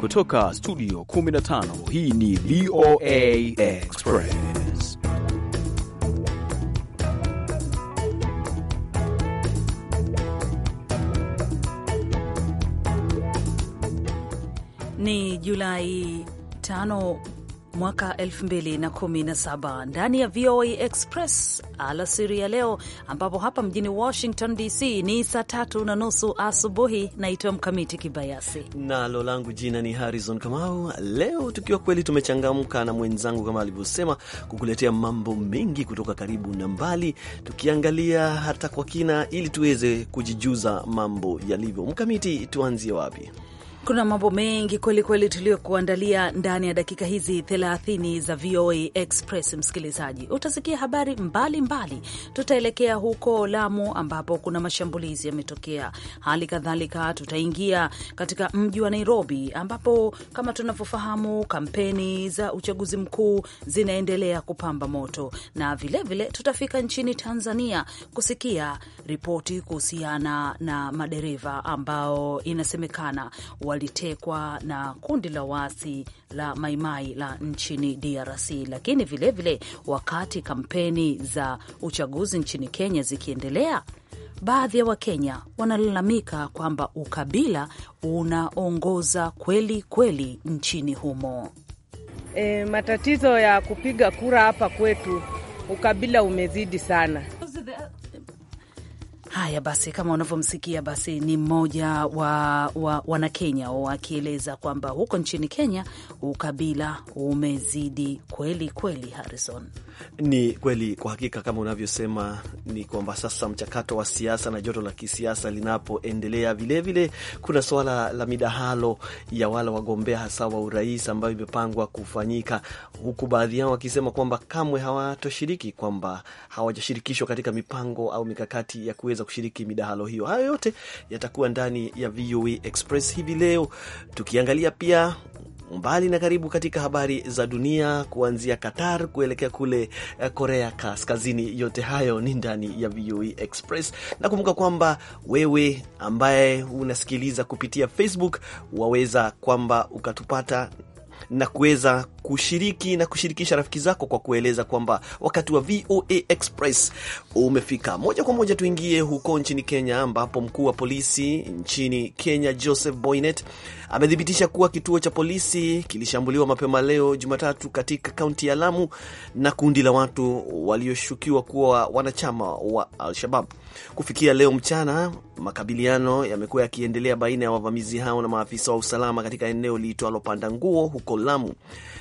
Kutoka studio 15 hii ni VOA Express. Ni Julai tano mwaka 2017 ndani ya VOA Express alasiri ya leo, ambapo hapa mjini Washington DC ni saa tatu na nusu asubuhi. Naitwa Mkamiti Kibayasi nalo langu jina ni Harrison Kamau. Leo tukiwa kweli tumechangamka na mwenzangu kama alivyosema, kukuletea mambo mengi kutoka karibu na mbali, tukiangalia hata kwa kina ili tuweze kujijuza mambo yalivyo. Mkamiti, tuanzie wapi? Kuna mambo mengi kweli kweli tuliyokuandalia ndani ya dakika hizi 30 za VOA Express. Msikilizaji, utasikia habari mbalimbali. Tutaelekea huko Lamu ambapo kuna mashambulizi yametokea. Hali kadhalika, tutaingia katika mji wa Nairobi ambapo kama tunavyofahamu, kampeni za uchaguzi mkuu zinaendelea kupamba moto, na vilevile vile, tutafika nchini Tanzania kusikia ripoti kuhusiana na madereva ambao inasemekana walitekwa na kundi la waasi la Maimai la nchini DRC. Lakini vilevile vile, wakati kampeni za uchaguzi nchini Kenya zikiendelea, baadhi ya Wakenya wanalalamika kwamba ukabila unaongoza kweli kweli nchini humo. E, matatizo ya kupiga kura hapa kwetu ukabila umezidi sana. Haya basi, kama unavyomsikia basi ni mmoja wa, wa Wanakenya wakieleza kwamba huko nchini Kenya ukabila umezidi kweli kweli. Harrison, ni kweli kwa hakika, kama unavyosema ni kwamba sasa mchakato wa siasa na joto la kisiasa linapoendelea, vilevile kuna suala la midahalo ya wala wagombea hasa wa urais ambayo imepangwa kufanyika, huku baadhi yao wakisema kwamba kamwe hawatoshiriki, kwamba hawajashirikishwa katika mipango au mikakati ya kuweza kuweza kushiriki midahalo hiyo. Hayo yote yatakuwa ndani ya VOA Express hivi leo, tukiangalia pia mbali na karibu katika habari za dunia kuanzia Qatar kuelekea kule eh, Korea Kaskazini. Yote hayo ni ndani ya VOA Express, na kumbuka kwamba wewe ambaye unasikiliza kupitia Facebook waweza kwamba ukatupata na kuweza kushiriki na kushirikisha rafiki zako kwa kueleza kwamba wakati wa VOA Express umefika. Moja kwa moja tuingie huko nchini Kenya, ambapo mkuu wa polisi nchini Kenya Joseph Boynet amethibitisha kuwa kituo cha polisi kilishambuliwa mapema leo Jumatatu katika kaunti ya Lamu na kundi la watu walioshukiwa kuwa wanachama wa Al-Shabab. Kufikia leo mchana, makabiliano yamekuwa yakiendelea baina ya wavamizi hao na maafisa wa usalama katika eneo liitwalo Panda Nguo huko Lamu,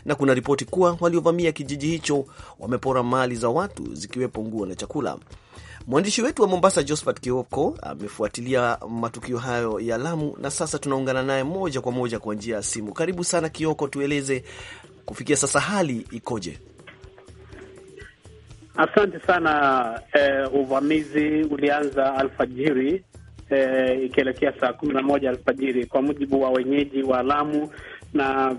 na kuna ripoti kuwa waliovamia kijiji hicho wamepora mali za watu zikiwepo nguo na chakula. Mwandishi wetu wa Mombasa, Josphat Kioko, amefuatilia matukio hayo ya Lamu na sasa tunaungana naye moja kwa moja kwa njia ya simu. Karibu sana Kioko, tueleze kufikia sasa hali ikoje? Asante sana. Eh, uvamizi ulianza alfajiri eh, ikielekea saa kumi na moja alfajiri kwa mujibu wa wenyeji wa Lamu na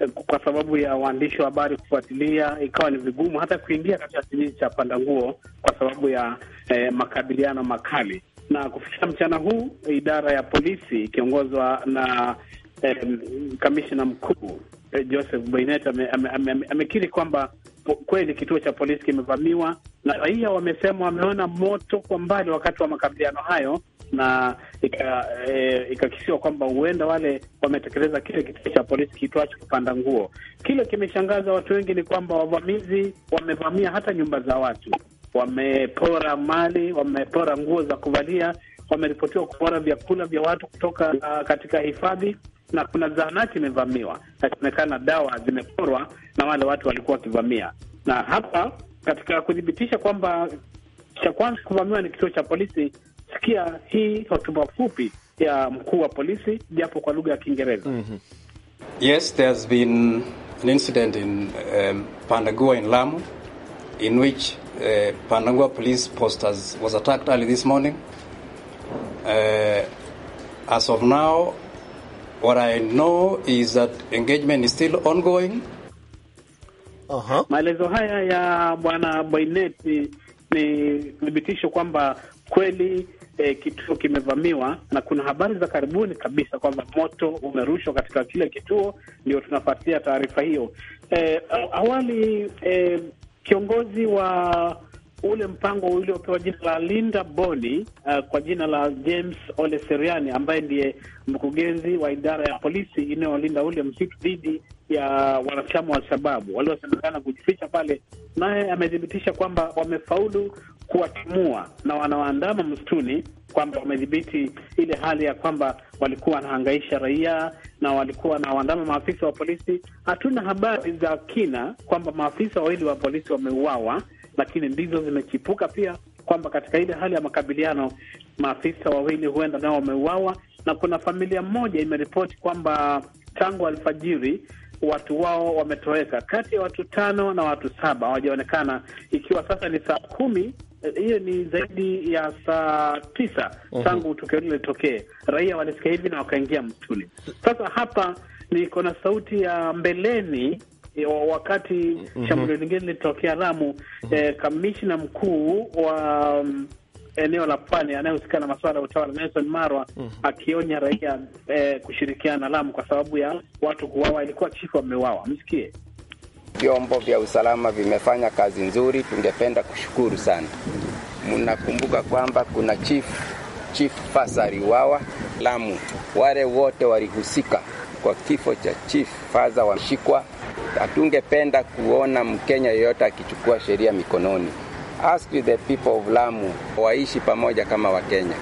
Eh, kwa sababu ya waandishi wa habari kufuatilia, ikawa ni vigumu hata kuingia katika kijiji cha Pandanguo kwa sababu ya eh, makabiliano makali. Na kufikia mchana huu, idara ya polisi ikiongozwa na eh, kamishna mkuu eh, Joseph Boinnet amekiri ame, ame, ame kwamba kweli kituo cha polisi kimevamiwa na raia wamesema wameona moto kwa mbali wakati wa makabiliano hayo, na e, ikakisiwa e, kwamba huenda wale wametekeleza kile kituo cha polisi kiitwacho kupanda nguo. Kile kimeshangaza watu wengi ni kwamba wavamizi wamevamia hata nyumba za watu, wamepora mali, wamepora nguo za kuvalia, wameripotiwa kupora vyakula vya watu kutoka uh, katika hifadhi na kuna zahanati imevamiwa nakionekana dawa zimeporwa na wale watu walikuwa wakivamia. Na hapa katika kuthibitisha kwamba cha kwanza kuvamiwa ni kituo cha polisi, sikia hii hotuba fupi ya mkuu wa polisi japo kwa lugha ya Kiingereza. mm -hmm. Yes, been an incident in um, Pandagua in Lamu in which uh, Pandagua police post was attacked early this morning. Uh, as of now What I know is that engagement is still ongoing. Uh -huh. Maelezo haya ya Bwana Boynet ni thibitisho kwamba kweli eh, kituo kimevamiwa na kuna habari za karibuni kabisa kwamba moto umerushwa katika kile kituo, ndio tunafuatia taarifa hiyo. Eh, awali eh, kiongozi wa ule mpango uliopewa jina la Linda Boni uh, eh, kwa jina la James Ole Seriani ambaye ndiye mkurugenzi wa idara ya polisi inayolinda ule msitu dhidi ya wanachama wa Shababu waliosemekana kujificha pale, naye amethibitisha kwamba wamefaulu kuwatimua na wanaoandama msituni kwamba wamedhibiti ile hali ya kwamba walikuwa wanahangaisha raia na walikuwa wanaoandama maafisa wa polisi. Hatuna habari za kina kwamba maafisa wawili wa polisi wameuawa, lakini ndizo zimechipuka pia kwamba katika ile hali ya makabiliano maafisa wawili huenda nao wameuawa, na kuna familia moja imeripoti kwamba tangu alfajiri watu wao wametoweka, kati ya watu tano na watu saba hawajaonekana, ikiwa sasa ni saa kumi hiyo ni zaidi ya saa tisa mhm. tangu tukio lile litokee. Raia walisikia hivi na wakaingia msituni. Sasa hapa niko na sauti ya mbeleni wakati mm -hmm. shambulio lingine lilitokea Lamu mm -hmm. Eh, kamishna mkuu wa um, eneo la pwani anayehusika na masuala ya utawala Nelson Marwa mm -hmm. akionya raia eh, kushirikiana Lamu kwa sababu ya watu kuwawa, ilikuwa chifu ameuawa, msikie vyombo vya usalama vimefanya kazi nzuri, tungependa kushukuru sana. Mnakumbuka kwamba kuna chief Chief Fasari wawa Lamu, wale wote walihusika kwa kifo cha Chief Faza washikwa. Hatungependa kuona Mkenya yeyote akichukua sheria mikononi. Ask the people of Lamu waishi pamoja kama Wakenya.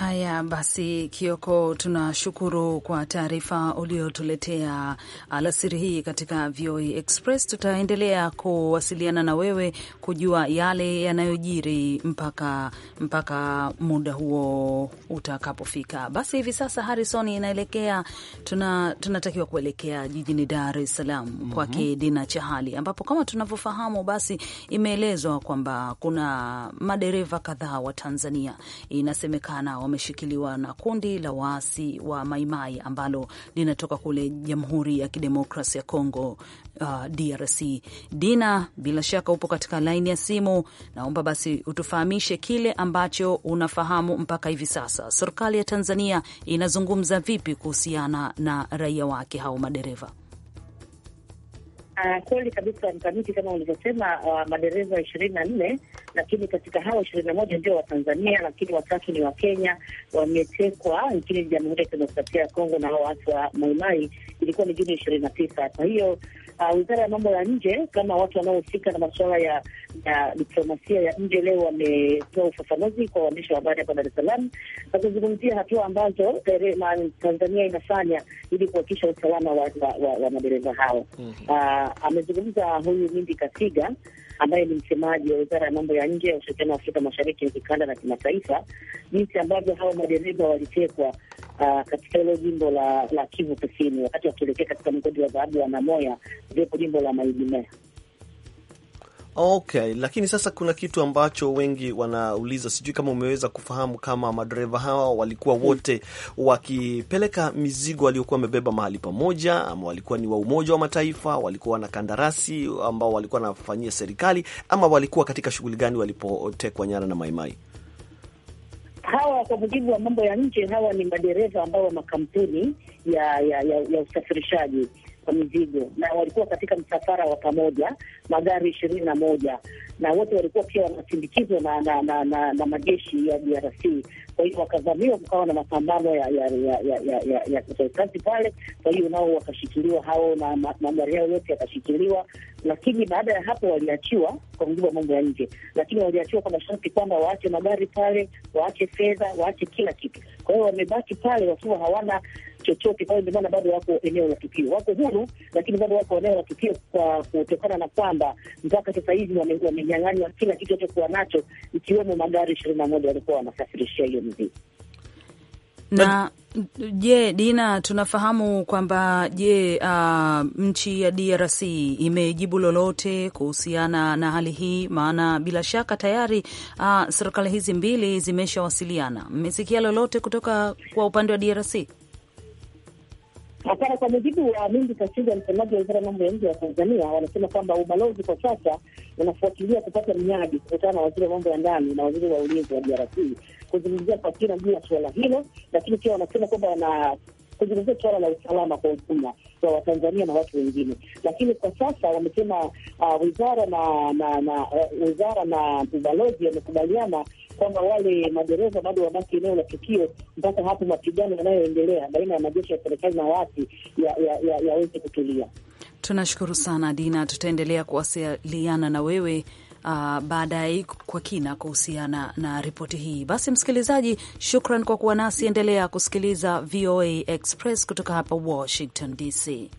Haya basi, Kioko, tunashukuru kwa taarifa uliotuletea alasiri hii katika VOA Express. Tutaendelea kuwasiliana na wewe kujua yale yanayojiri mpaka mpaka muda huo utakapofika. Basi hivi sasa, Harrison, inaelekea tuna, tunatakiwa kuelekea jijini Dar es Salaam mm -hmm. kwake Dina Chahali, ambapo kama tunavyofahamu, basi imeelezwa kwamba kuna madereva kadhaa wa Tanzania inasemekana wameshikiliwa na kundi la waasi wa Maimai ambalo linatoka kule Jamhuri ya Kidemokrasi ya Congo, uh, DRC. Dina, bila shaka upo katika laini ya simu, naomba basi utufahamishe kile ambacho unafahamu mpaka hivi sasa. Serikali ya Tanzania inazungumza vipi kuhusiana na raia wake hao madereva? Uh, kweli kabisa mkamiti, kama ulivyosema, uh, madereva ishirini na nne, lakini katika hao ishirini na moja ndio Watanzania, lakini watatu ni Wakenya wametekwa nchini Jamhuri ya Kidemokrasia ya Kongo na hao watu wa Maimai. Ilikuwa ni Juni ishirini na tisa. Kwa hiyo Uh, wizara uh, ya mambo ya nje kama watu wanaohusika na masuala ya, ya diplomasia ya nje leo wametoa ufafanuzi kwa waandishi wa habari hapa Dar es Salaam na kuzungumzia hatua ambazo Tanzania inafanya ili kuhakikisha usalama wa, wa, wa, wa madereva hao. Mhm. Uh, amezungumza huyu Mindi Kasiga ambaye ni msemaji wa wizara ya mambo ya nje ya ushirikiano wa Afrika Mashariki, kikanda na kimataifa, jinsi ambavyo hawa madereva walitekwa uh, katika hilo jimbo la, la Kivu Kusini wakati wakielekea katika mgodi wa dhahabu wa Namoya uliopo jimbo la Maidimea. Okay, lakini sasa kuna kitu ambacho wengi wanauliza, sijui kama umeweza kufahamu kama madereva hawa walikuwa hmm. wote wakipeleka mizigo waliokuwa wamebeba mahali pamoja, ama walikuwa ni wa Umoja wa Mataifa, walikuwa na kandarasi ambao walikuwa wanafanyia serikali, ama walikuwa katika shughuli gani walipotekwa nyara na Maimai mai hawa kwa mujibu wa mambo ya nje, hawa ni madereva ambao wa makampuni ya ya, ya, ya usafirishaji wa mizigo, na walikuwa katika msafara wa pamoja magari ishirini na moja, na wote walikuwa pia wanasindikizwa na, na, na, na, na majeshi ya DRC kwa hiyo wakavamiwa, kukawa na mapambano ya ya ya ya ya ya serikali pale. Kwa hiyo nao wakashikiliwa hao na magari yao yote yakashikiliwa, lakini baada ya hapo waliachiwa kwa mujibu wa mambo ya nje, lakini waliachiwa kwa masharti kwamba waache magari pale, waache fedha, waache kila kitu. Kwa hiyo wamebaki pale wakiwa hawana chochote. Kwa hiyo ndio maana bado wako eneo la tukio, wako huru, lakini bado wako eneo la tukio, kwa kutokana na kwamba mpaka sasa hivi wamenyang'anywa kila kitu alichokuwa nacho, ikiwemo magari ishirini na moja walikuwa wanasafirishia hiyo mzigo na je, Dina, tunafahamu kwamba je, uh, nchi ya DRC imejibu lolote kuhusiana na hali hii? Maana bila shaka tayari uh, serikali hizi mbili zimeshawasiliana. Mmesikia lolote kutoka kwa upande wa DRC? Hapana, kwa mujibu wa Mingi Kachija, msemaji wa wizara ya mambo ya nje ya Tanzania, wanasema kwamba ubalozi kwa sasa unafuatilia kupata mnyadi kukutana na waziri wa mambo ya ndani na waziri wa ulinzi wa DRC kuzungumzia kwa kina juu ya suala hilo, lakini pia wanasema kwamba wana kuzungumzia suala la usalama kwa ujumla wa Watanzania na watu wengine. Lakini kwa sasa wamesema ah, wizara na eh, wizara na ubalozi wamekubaliana kwamba wale madereva bado wabaki eneo la tukio mpaka hapo mapigano yanayoendelea baina ya majeshi ya serikali na wasi yaweze kutulia. Tunashukuru sana Dina, tutaendelea kuwasiliana na wewe Uh, baadaye kwa kina kuhusiana na ripoti hii. Basi msikilizaji, shukran kwa kuwa nasi. Endelea kusikiliza VOA Express kutoka hapa Washington DC.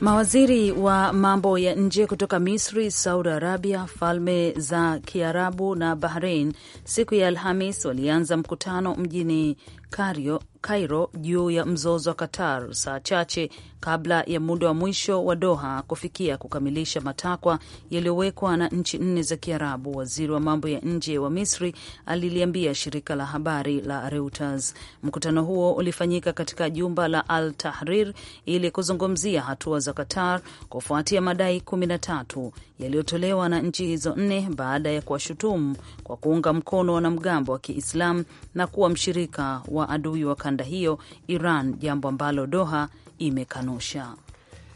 Mawaziri wa mambo ya nje kutoka Misri, Saudi Arabia, Falme za Kiarabu na Bahrain siku ya Alhamis walianza mkutano mjini Cairo, Cairo juu ya mzozo wa Qatar saa chache kabla ya muda wa mwisho wa Doha kufikia kukamilisha matakwa yaliyowekwa na nchi nne za Kiarabu. Waziri wa mambo ya nje wa Misri aliliambia shirika la habari la Reuters mkutano huo ulifanyika katika jumba la Al Tahrir ili kuzungumzia hatua za Qatar kufuatia madai kumi na tatu yaliyotolewa na nchi hizo nne baada ya kuwashutumu kwa kuunga mkono wanamgambo wa Kiislamu na kuwa mshirika wa wa adui wa kanda hiyo Iran, jambo ambalo Doha imekanusha.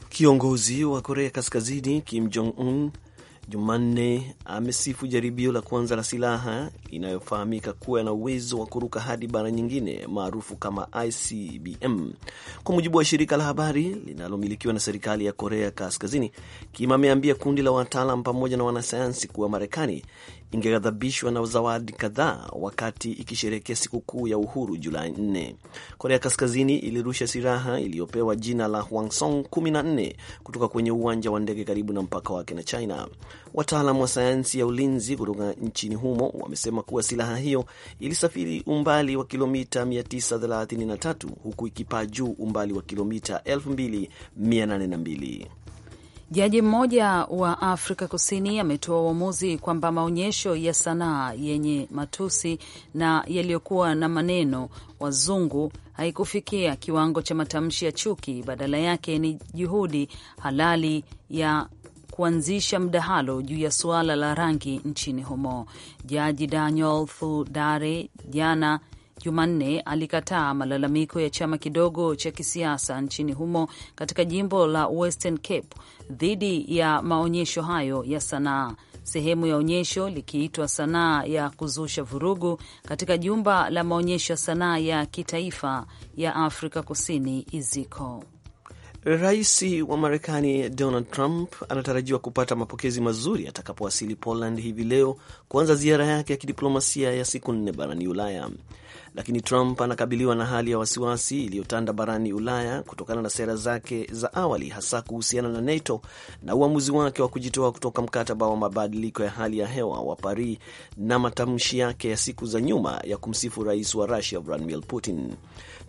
Kiongozi wa Korea Kaskazini Kim Jong Un Jumanne amesifu jaribio la kwanza la silaha inayofahamika kuwa na uwezo wa kuruka hadi bara nyingine maarufu kama ICBM. Kwa mujibu wa shirika la habari linalomilikiwa na serikali ya Korea Kaskazini, Kim ameambia kundi la wataalam pamoja na wanasayansi kuwa Marekani ingeghadhabishwa na zawadi kadhaa wakati ikisherehekea sikukuu ya uhuru Julai 4. Korea Kaskazini ilirusha silaha iliyopewa jina la Hwangsong 14 kutoka kwenye uwanja wa ndege karibu na mpaka wake na China. wataalam wa sayansi ya ulinzi kutoka nchini humo wamesema kuwa silaha hiyo ilisafiri umbali wa kilomita 933 huku ikipaa juu umbali wa kilomita 2802. Jaji mmoja wa Afrika Kusini ametoa uamuzi kwamba maonyesho ya sanaa yenye matusi na yaliyokuwa na maneno wazungu haikufikia kiwango cha matamshi ya chuki, badala yake ni juhudi halali ya kuanzisha mdahalo juu ya suala la rangi nchini humo. Jaji Daniel Thudare jana Jumanne alikataa malalamiko ya chama kidogo cha kisiasa nchini humo katika jimbo la Western Cape dhidi ya maonyesho hayo ya sanaa, sehemu ya onyesho likiitwa sanaa ya kuzusha vurugu katika jumba la maonyesho ya sanaa ya kitaifa ya Afrika Kusini, Iziko. Rais wa Marekani Donald Trump anatarajiwa kupata mapokezi mazuri atakapowasili Poland hivi leo kuanza ziara yake ya kidiplomasia ya siku nne barani Ulaya, lakini Trump anakabiliwa na hali ya wasiwasi iliyotanda barani Ulaya kutokana na sera zake za awali, hasa kuhusiana na NATO na uamuzi wake wa kujitoa kutoka mkataba wa mabadiliko ya hali ya hewa wa Paris na matamshi yake ya siku za nyuma ya kumsifu rais wa Rusia Vladimir Putin.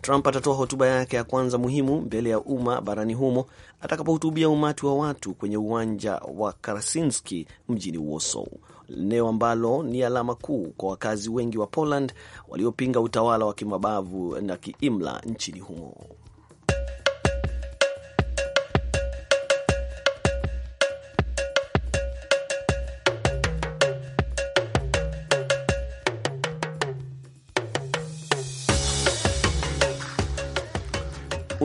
Trump atatoa hotuba yake ya kwanza muhimu mbele ya umma barani humo atakapohutubia umati wa watu kwenye uwanja wa Karasinski mjini Warsaw, eneo ambalo ni alama kuu kwa wakazi wengi wa Poland waliopinga utawala wa kimabavu na kiimla nchini humo.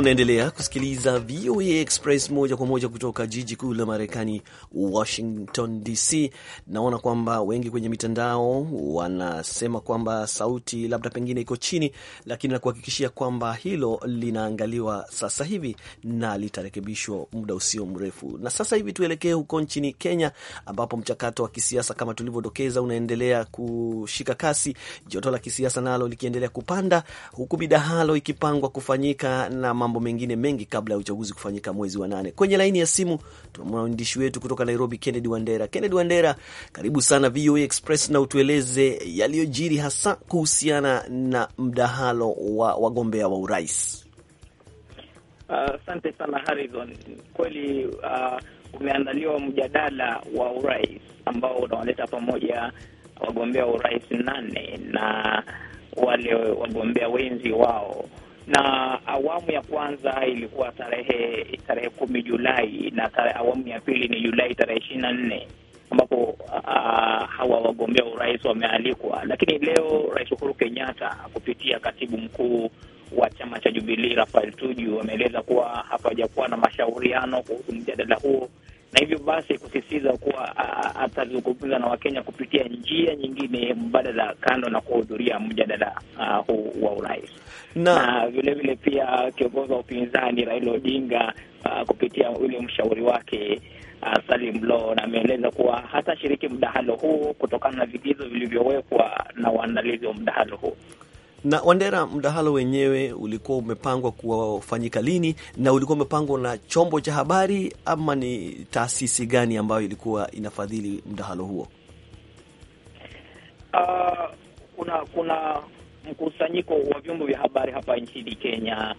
Unaendelea kusikiliza VOA Express moja kwa moja kutoka jiji kuu la Marekani, Washington DC. Naona kwamba wengi kwenye mitandao wanasema kwamba sauti labda pengine iko chini, lakini nakuhakikishia kwamba hilo linaangaliwa sasa hivi na litarekebishwa muda usio mrefu. Na sasa hivi tuelekee huko nchini Kenya, ambapo mchakato wa kisiasa kama tulivyodokeza unaendelea kushika kasi, joto la kisiasa nalo likiendelea kupanda, huku midahalo ikipangwa kufanyika na mambo mengine mengi kabla ya uchaguzi kufanyika mwezi wa nane. Kwenye laini ya simu tuna mwandishi wetu kutoka Nairobi, Kennedy Wandera. Kennedy Wandera, karibu sana VOA Express na utueleze yaliyojiri hasa kuhusiana na mdahalo wa wagombea wa urais. Asante uh, sana Harrison. Kweli uh, umeandaliwa mjadala wa urais ambao unawaleta pamoja wagombea wa urais nane na wale wagombea wenzi wao na awamu ya kwanza ilikuwa tarehe tarehe kumi Julai na tarehe, awamu ya pili ni Julai tarehe ishirini na nne ambapo hawa wagombea urais wamealikwa, lakini leo Rais Uhuru Kenyatta kupitia katibu mkuu wa chama cha Jubilii Rafael Tuju wameeleza kuwa hapajakuwa na mashauriano kuhusu mjadala huo na hivyo basi kusisitiza kuwa atazungumza na Wakenya kupitia njia nyingine mbadala kando na kuhudhuria mjadala huu wa urais. Na vilevile pia kiongozi wa upinzani Raila Odinga Uh, kupitia ule mshauri wake uh, Salim Lo na ameeleza kuwa hatashiriki mdahalo huu kutokana na vigezo vilivyowekwa na waandalizi wa mdahalo huu. Na Wandera, mdahalo wenyewe ulikuwa umepangwa kuwafanyika lini na ulikuwa umepangwa na chombo cha habari ama ni taasisi gani ambayo ilikuwa inafadhili mdahalo huo? Uh, kuna kuna mkusanyiko wa vyombo vya habari hapa nchini Kenya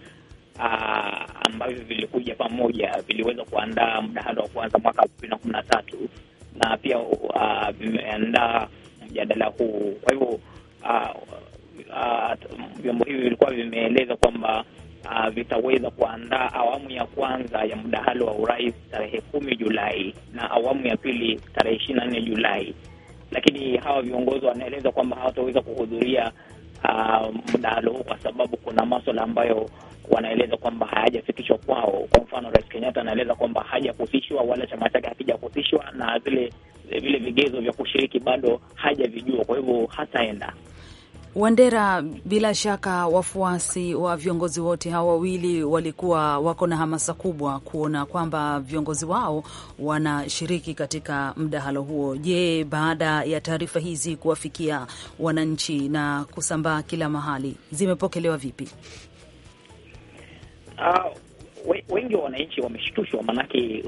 uh, ambavyo vilikuja pamoja viliweza kuandaa mdahalo wa kwanza mwaka elfu mbili na kumi na tatu na pia uh, vimeandaa mjadala huu. Kwa hivyo uh, Ah, vyombo uh, hivi vilikuwa vimeeleza kwamba uh, vitaweza kuandaa awamu ya kwanza ya mdahalo wa urais tarehe kumi Julai na awamu ya pili tarehe ishirini na nne Julai, lakini hawa viongozi wanaeleza kwamba hawataweza kuhudhuria uh, mdahalo huu kwa sababu kuna maswala ambayo wanaeleza kwamba hayajafikishwa kwao. Kwa mfano, Rais Kenyatta anaeleza kwamba hajahusishwa wala chama chake hakijahusishwa na vile vile vigezo vya kushiriki bado hajavijua, kwa hivyo hataenda. Wandera, bila shaka wafuasi wa viongozi wote hawa wawili walikuwa wako na hamasa kubwa kuona kwamba viongozi wao wanashiriki katika mdahalo huo. Je, baada ya taarifa hizi kuwafikia wananchi na kusambaa kila mahali, zimepokelewa vipi? Uh, wengi wa wananchi wameshtushwa, maanake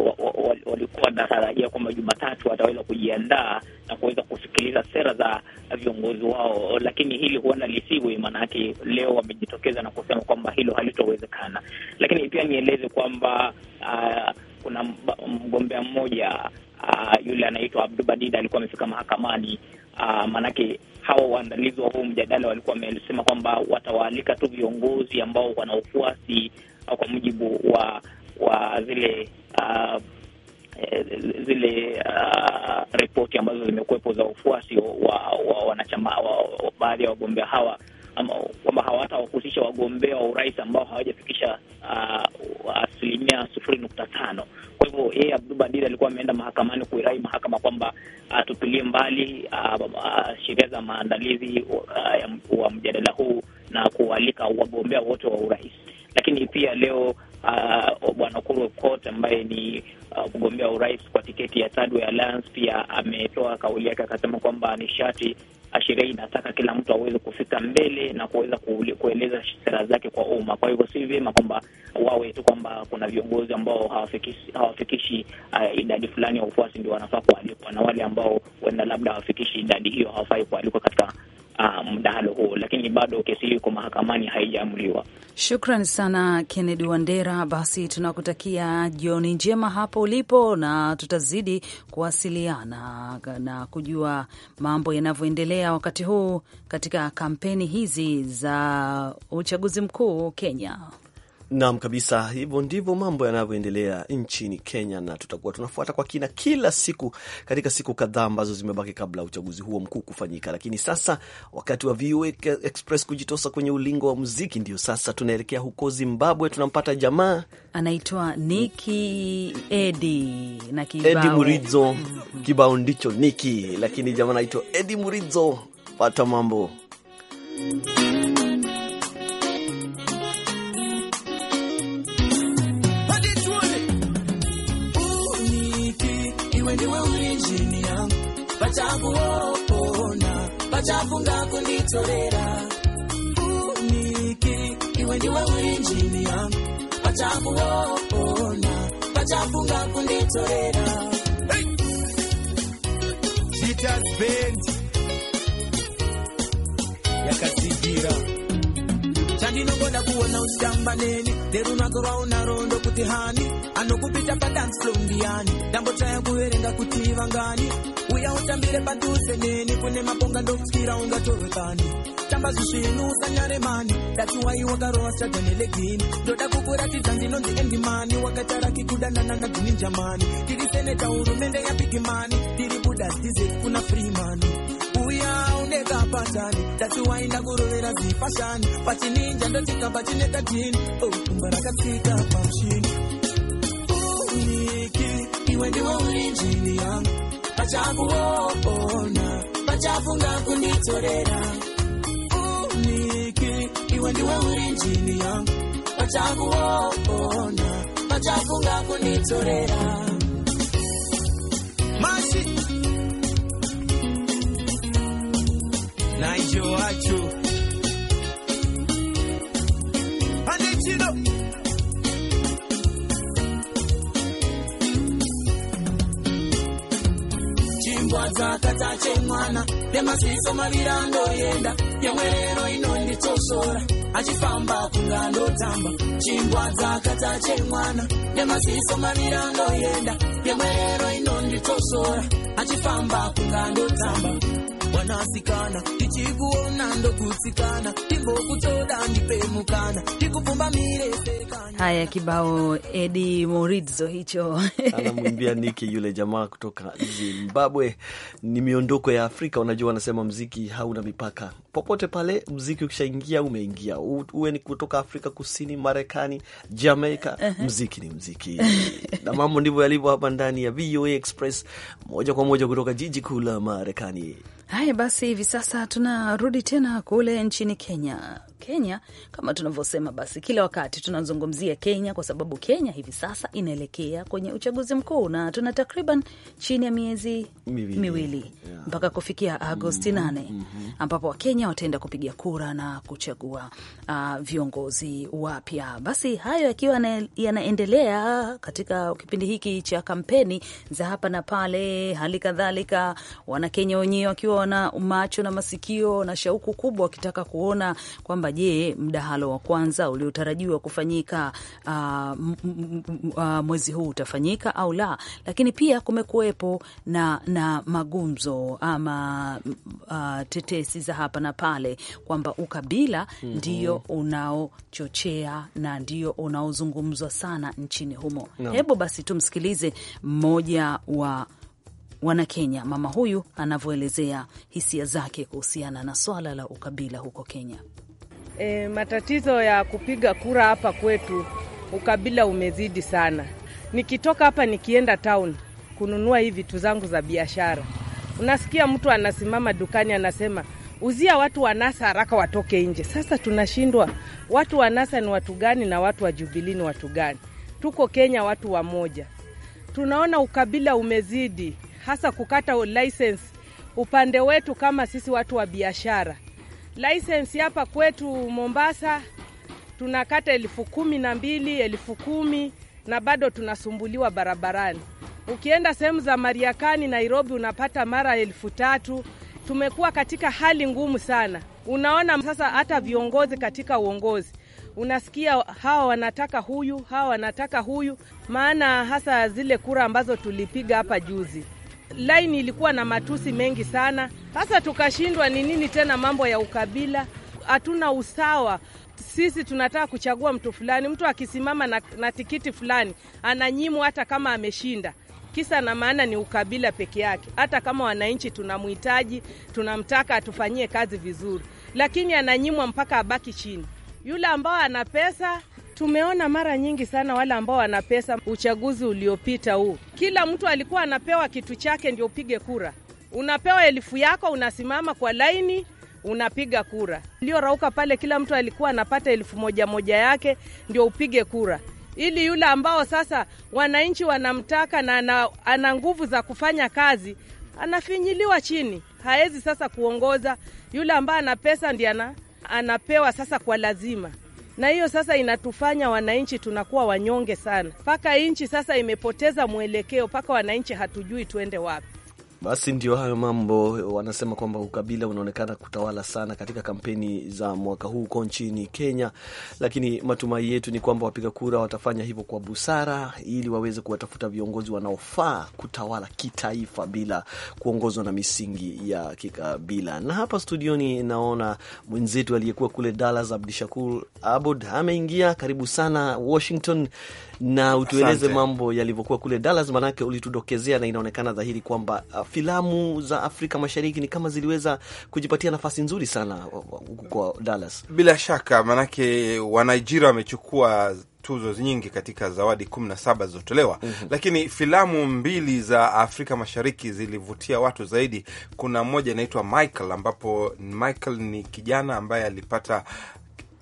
walikuwa wanatarajia kwamba Jumatatu wataweza kujiandaa na kuweza kusikiliza sera za viongozi wao, lakini hili huenda lisiwe, maanake leo wamejitokeza na kusema kwamba hilo halitowezekana. Lakini pia nieleze kwamba uh, kuna mgombea mmoja uh, yule anaitwa Abdubadida alikuwa amefika mahakamani uh, ah, maanake hawa waandalizi wa huu mjadala walikuwa wamesema kwamba watawaalika tu viongozi ambao wana ufuasi kwa mujibu wa wa zile uh, zile uh, ripoti ambazo zimekuwepo za ufuasi wa wanachama wa, wa baadhi ya wagombea hawa kwamba hawatawahusisha wagombea wa urais ambao hawajafikisha uh, asilimia sufuri nukta tano. Kwa hivyo yeye Abdu Badir alikuwa ameenda mahakamani kuirai mahakama kwamba atupilie uh, mbali uh, uh, sheria za maandalizi uh, wa mjadala huu na kualika wagombea wote wa urais lakini pia leo uh, bwana Ekuru Aukot ambaye ni mgombea uh, mgombea urais kwa tiketi ya Third Way Alliance pia ametoa kauli yake, akasema kwamba nishati sheria inataka kila mtu aweze kufika mbele na kuweza kueleza sera zake kwa umma. Kwa hivyo si vyema kwamba wawe tu kwamba kuna viongozi ambao hawafikishi, hawafikishi uh, idadi fulani ya ufuasi ndio wanafaa kualikwa, na wale ambao huenda labda hawafikishi idadi hiyo hawafai kualikwa katika Ah, mdahalo huo, lakini bado kesi hiyo iko mahakamani, haijaamuliwa. Shukran sana Kennedy Wandera. Basi tunakutakia jioni njema hapo ulipo, na tutazidi kuwasiliana na kujua mambo yanavyoendelea wakati huu katika kampeni hizi za uchaguzi mkuu Kenya. Naam kabisa, hivyo ndivyo mambo yanavyoendelea nchini Kenya, na tutakuwa tunafuata kwa kina kila siku katika siku kadhaa ambazo zimebaki kabla ya uchaguzi huo mkuu kufanyika. Lakini sasa wakati wa VOA Express kujitosa kwenye ulingo wa muziki, ndio sasa tunaelekea huko Zimbabwe. Tunampata jamaa anaitwa Niki Edi na kibao Edi Kibao ndicho Niki, lakini jamaa anaitwa Edi Murizo, Pata mambo vachakuona vachafunga kunditorera uniki iwe ndiwe uri njini yangu vachakuona vachafunga kunditorera hey! yakazigira yeah, ndinogoda kuona uchitamba neni nerunako rwaunaro ndokuti hani anokupita padance flo ndiyani ndambotsvaya kuverenga kuti vangani uya utambire padhuze neni kune mabonga ndokutira ungatorwe pani tamba zvisvinu usanyare mani dati waiwakarova sichadha nelegini ndoda kukuratidza ndinonzi endimani wakatarake kudanananga dzini njamani tiri seneta hurumende yapigimani tiri budha sdizeti kuna freeman uyau chineka patani tachiwainda kurovera zvifashani pachininja ndochika pachineka jini gumba rakatsika pamushini uniki iwe ndiwe uri njini yangu vachakuona vachafunga kunditorera uniki iwe ndiwe uri njini yangu vachakuona vachafunga kunditorera naicho wacho pane chino chimbwa dzakatachemwana nemaziso maviri andoenda yemwerero inonditosora achifamba kunga andotamba chimbwa dzakatachemwana nemaziso maviri andoenda yemwerero inonditosora achifamba kunga andotamba mwanasikana tichikuona ndokutsikana timbokutoda ndipemukana tikupfumbamire serikana. Haya, kibao Edi Morizo hicho anamwimbia Niki yule jamaa kutoka Zimbabwe. Ni miondoko ya Afrika. Unajua, wanasema mziki hauna mipaka popote pale. Mziki ukishaingia umeingia, uwe ni kutoka Afrika Kusini, Marekani, Jamaica, uh-huh. mziki ni mziki na mambo ndivyo yalivyo hapa ndani ya VOA Express moja kwa moja kutoka jiji kuu la Marekani, Haya basi, hivi sasa tunarudi tena kule nchini Kenya Kenya kama tunavyosema, basi kila wakati tunazungumzia Kenya kwa sababu Kenya hivi sasa inaelekea kwenye uchaguzi mkuu na tuna takriban chini ya miezi miwili, miwili. Yeah. mpaka kufikia mm-hmm. Agosti mm -hmm. nane mm -hmm. ambapo Wakenya wataenda kupiga kura na kuchagua uh, viongozi wapya. Basi hayo yakiwa yanaendelea katika kipindi hiki cha kampeni za hapa na pale, hali kadhalika Wanakenya wenyewe wakiwa wana macho na masikio na shauku kubwa wakitaka kuona kwamba je, mdahalo wa kwanza uliotarajiwa kufanyika uh, uh, mwezi huu utafanyika au la? Lakini pia kumekuwepo na, na magumzo ama uh, tetesi za hapa na pale kwamba ukabila mm -hmm. ndio unaochochea na ndio unaozungumzwa sana nchini humo no. Hebu basi tumsikilize mmoja wa Wanakenya, mama huyu anavyoelezea hisia zake kuhusiana na swala la ukabila huko Kenya. E, matatizo ya kupiga kura hapa kwetu ukabila umezidi sana. Nikitoka hapa nikienda town kununua hii vitu zangu za biashara, unasikia mtu anasimama dukani anasema uzia watu wa NASA haraka watoke nje. Sasa tunashindwa watu wa NASA ni watu gani na watu wa Jubilee ni watu gani? Tuko Kenya watu wamoja. Tunaona ukabila umezidi, hasa kukata license upande wetu kama sisi watu wa biashara license hapa kwetu Mombasa tunakata elfu kumi na mbili, elfu kumi na bado tunasumbuliwa barabarani. Ukienda sehemu za Mariakani, Nairobi, unapata mara elfu tatu. Tumekuwa katika hali ngumu sana. Unaona sasa hata viongozi katika uongozi unasikia hawa wanataka huyu, hawa wanataka huyu, maana hasa zile kura ambazo tulipiga hapa juzi laini ilikuwa na matusi mengi sana. Sasa tukashindwa ni nini tena, mambo ya ukabila, hatuna usawa sisi tunataka kuchagua mtu fulani. Mtu akisimama na, na tikiti fulani ananyimwa, hata kama ameshinda. Kisa na maana ni ukabila peke yake. Hata kama wananchi tunamhitaji, tunamtaka atufanyie kazi vizuri, lakini ananyimwa mpaka abaki chini. Yule ambao ana pesa Tumeona mara nyingi sana wale ambao wana pesa. Uchaguzi uliopita huu, kila mtu alikuwa anapewa kitu chake ndio upige kura. Unapewa elfu yako, unasimama kwa laini, unapiga kura. Iliyorauka pale, kila mtu alikuwa anapata elfu moja moja yake ndio upige kura, ili yule ambao sasa wananchi wanamtaka na ana nguvu za kufanya kazi anafinyiliwa chini, hawezi sasa kuongoza. Yule ambaye ana pesa ndiye anapewa sasa kwa lazima na hiyo sasa inatufanya wananchi tunakuwa wanyonge sana, mpaka nchi sasa imepoteza mwelekeo, mpaka wananchi hatujui tuende wapi. Basi ndio hayo mambo. Wanasema kwamba ukabila unaonekana kutawala sana katika kampeni za mwaka huu huko nchini Kenya, lakini matumai yetu ni kwamba wapiga kura watafanya hivyo kwa busara, ili waweze kuwatafuta viongozi wanaofaa kutawala kitaifa bila kuongozwa na misingi ya kikabila. Na hapa studioni naona mwenzetu aliyekuwa kule Dallas, Abdishakur Abud ameingia. Karibu sana Washington na utueleze Asante. mambo yalivyokuwa kule Dallas, manake ulitudokezea na inaonekana dhahiri kwamba uh, filamu za Afrika Mashariki ni kama ziliweza kujipatia nafasi nzuri sana huku uh, uh, kwa Dallas. Bila shaka, manake Wanigeria wamechukua tuzo nyingi katika zawadi kumi na saba zilizotolewa. mm -hmm. Lakini filamu mbili za Afrika Mashariki zilivutia watu zaidi. Kuna mmoja inaitwa Michael, ambapo Michael ni kijana ambaye alipata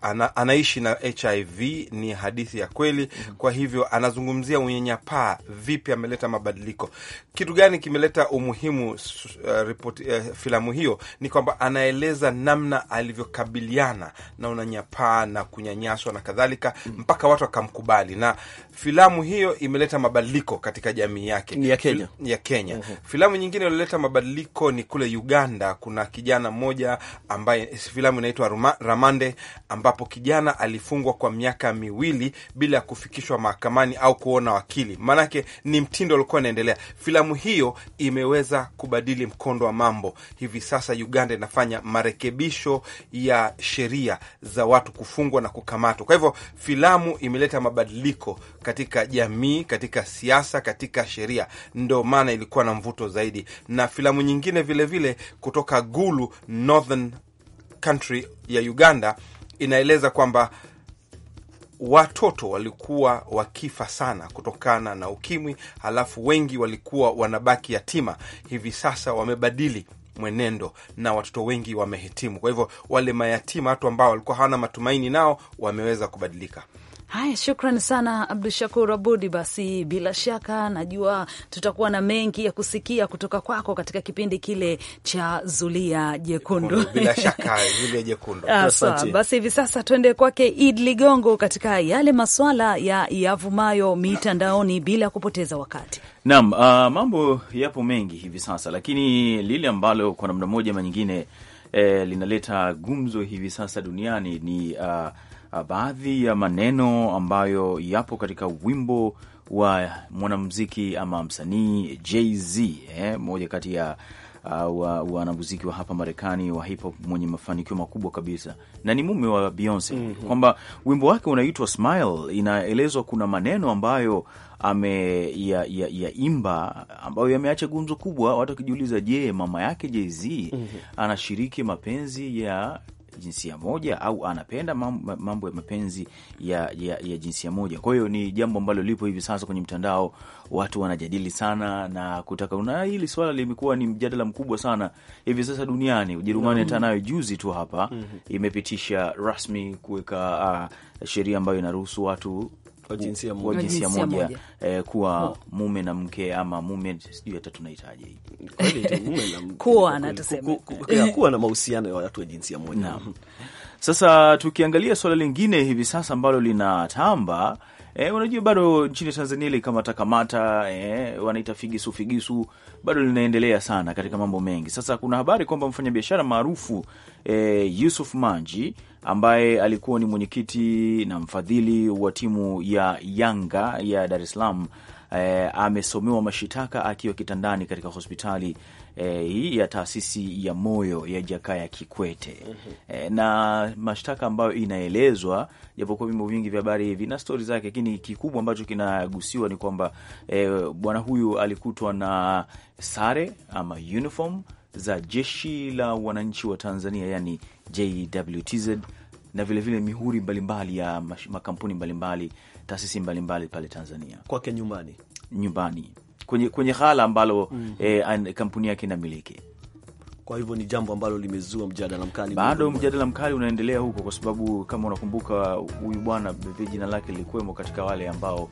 ana, anaishi na HIV ni hadithi ya kweli. Mhm. Kwa hivyo anazungumzia unyenyapaa, vipi ameleta mabadiliko, kitu gani kimeleta umuhimu. Uh, uh, filamu hiyo ni kwamba anaeleza namna alivyokabiliana na unanyapaa na kunyanyaswa na kadhalika mm. mpaka watu wakamkubali, na filamu hiyo imeleta mabadiliko katika jamii yake ni ya Kenya, ya Kenya. Uhum. Filamu nyingine ilioleta mabadiliko ni kule Uganda, kuna kijana mmoja ambaye filamu inaitwa Ramande ambapo ambapo kijana alifungwa kwa miaka miwili bila ya kufikishwa mahakamani au kuona wakili. Maanake ni mtindo ulikuwa unaendelea. Filamu hiyo imeweza kubadili mkondo wa mambo. Hivi sasa Uganda inafanya marekebisho ya sheria za watu kufungwa na kukamatwa. Kwa hivyo filamu imeleta mabadiliko katika jamii, katika siasa, katika sheria, ndo maana ilikuwa na mvuto zaidi. Na filamu nyingine vilevile vile kutoka Gulu Northern Country ya Uganda inaeleza kwamba watoto walikuwa wakifa sana kutokana na ukimwi, halafu wengi walikuwa wanabaki yatima. Hivi sasa wamebadili mwenendo na watoto wengi wamehitimu. Kwa hivyo wale mayatima, watu ambao walikuwa hawana matumaini, nao wameweza kubadilika. Haya, shukran sana Abdu Shakur Abudi. Basi bila shaka najua tutakuwa na mengi ya kusikia kutoka kwako katika kipindi kile cha Zulia Jekundu. Bila shaka Zulia Jekundu. Asa, basi hivi sasa tuende kwake Id Ligongo katika yale maswala ya yavumayo mitandaoni bila kupoteza wakati. Naam, uh, mambo yapo mengi hivi sasa, lakini lile ambalo kwa namna moja ama nyingine eh, linaleta gumzo hivi sasa duniani ni uh, Ah, baadhi ya maneno ambayo yapo katika wimbo wa mwanamuziki ama msanii Jay-Z, eh, moja kati ya uh, wanamuziki wa, wa hapa Marekani wa hip hop mwenye mafanikio makubwa kabisa na ni mume wa Beyonce mm -hmm. kwamba wimbo wake unaitwa Smile, inaelezwa kuna maneno ambayo ameyaimba ya ambayo yameacha gumzo kubwa, watu wakijiuliza, je, mama yake Jay-Z mm -hmm. anashiriki mapenzi ya jinsia moja au anapenda mambo ya mapenzi ya, ya, ya jinsia moja. Kwa hiyo ni jambo ambalo lipo hivi sasa kwenye mtandao, watu wanajadili sana na kutaka na hili swala limekuwa ni mjadala mkubwa sana hivi sasa duniani. Ujerumani hata mm-hmm. nayo juzi tu hapa mm-hmm. imepitisha rasmi kuweka uh, sheria ambayo inaruhusu watu jinsia moja, jinsia moja eh, kuwa mume na mke ama mume sijui hata tunahitaji kuwa na mahusiano ya watu wa jinsia moja. Sasa tukiangalia suala lingine hivi sasa ambalo linatamba E, unajua bado nchini Tanzania ile kamata kamata e, eh, wanaita figisu figisu bado linaendelea sana katika mambo mengi. Sasa kuna habari kwamba mfanyabiashara maarufu e, Yusuf Manji ambaye alikuwa ni mwenyekiti na mfadhili wa timu ya Yanga ya Dar es Salaam e, amesomewa mashitaka akiwa kitandani katika hospitali Eh, hii e, ya taasisi ya moyo ya Jakaya Kikwete mm -hmm. E, na mashtaka ambayo inaelezwa, japokuwa vyombo vingi vya habari vina stori zake, lakini kikubwa ambacho kinagusiwa ni kwamba e, bwana huyu alikutwa na sare ama uniform za jeshi la wananchi wa Tanzania, yani JWTZ na vilevile vile mihuri mbalimbali ya makampuni mbalimbali taasisi mbalimbali pale Tanzania, kwake nyumbani nyumbani kwenye, kwenye hala ambalo mm -hmm. e, kampuni yake inamiliki. Kwa hivyo ni jambo ambalo limezua mjadala mkali, bado mjadala mkali unaendelea huko, kwa sababu kama unakumbuka, huyu bwana jina lake lilikuwemo katika wale ambao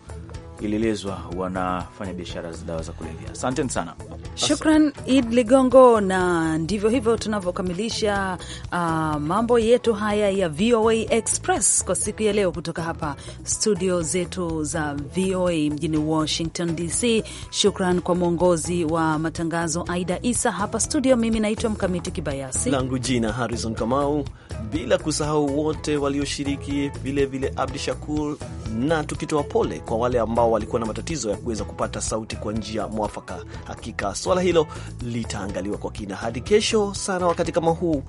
ilielezwa wanafanya biashara za dawa za kulevya. Asanteni sana. Shukran Id Ligongo, na ndivyo hivyo tunavyokamilisha uh, mambo yetu haya ya VOA Express kwa siku ya leo, kutoka hapa studio zetu za VOA mjini Washington DC. Shukran kwa mwongozi wa matangazo Aida Isa. Hapa studio, mimi naitwa Mkamiti Kibayasi langu jina Harrison Kamau, bila kusahau wote walioshiriki vilevile Abdi Shakur, na tukitoa pole kwa wale ambao walikuwa na matatizo ya kuweza kupata sauti kwa njia mwafaka. Hakika swala hilo litaangaliwa kwa kina. Hadi kesho sana wakati kama huu,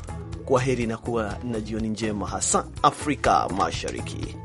kwa heri na kuwa na jioni njema, hasa Afrika Mashariki.